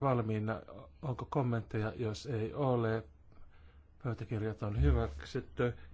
valmiina. Onko kommentteja? Jos ei ole, pöytäkirjat on hyväksytty.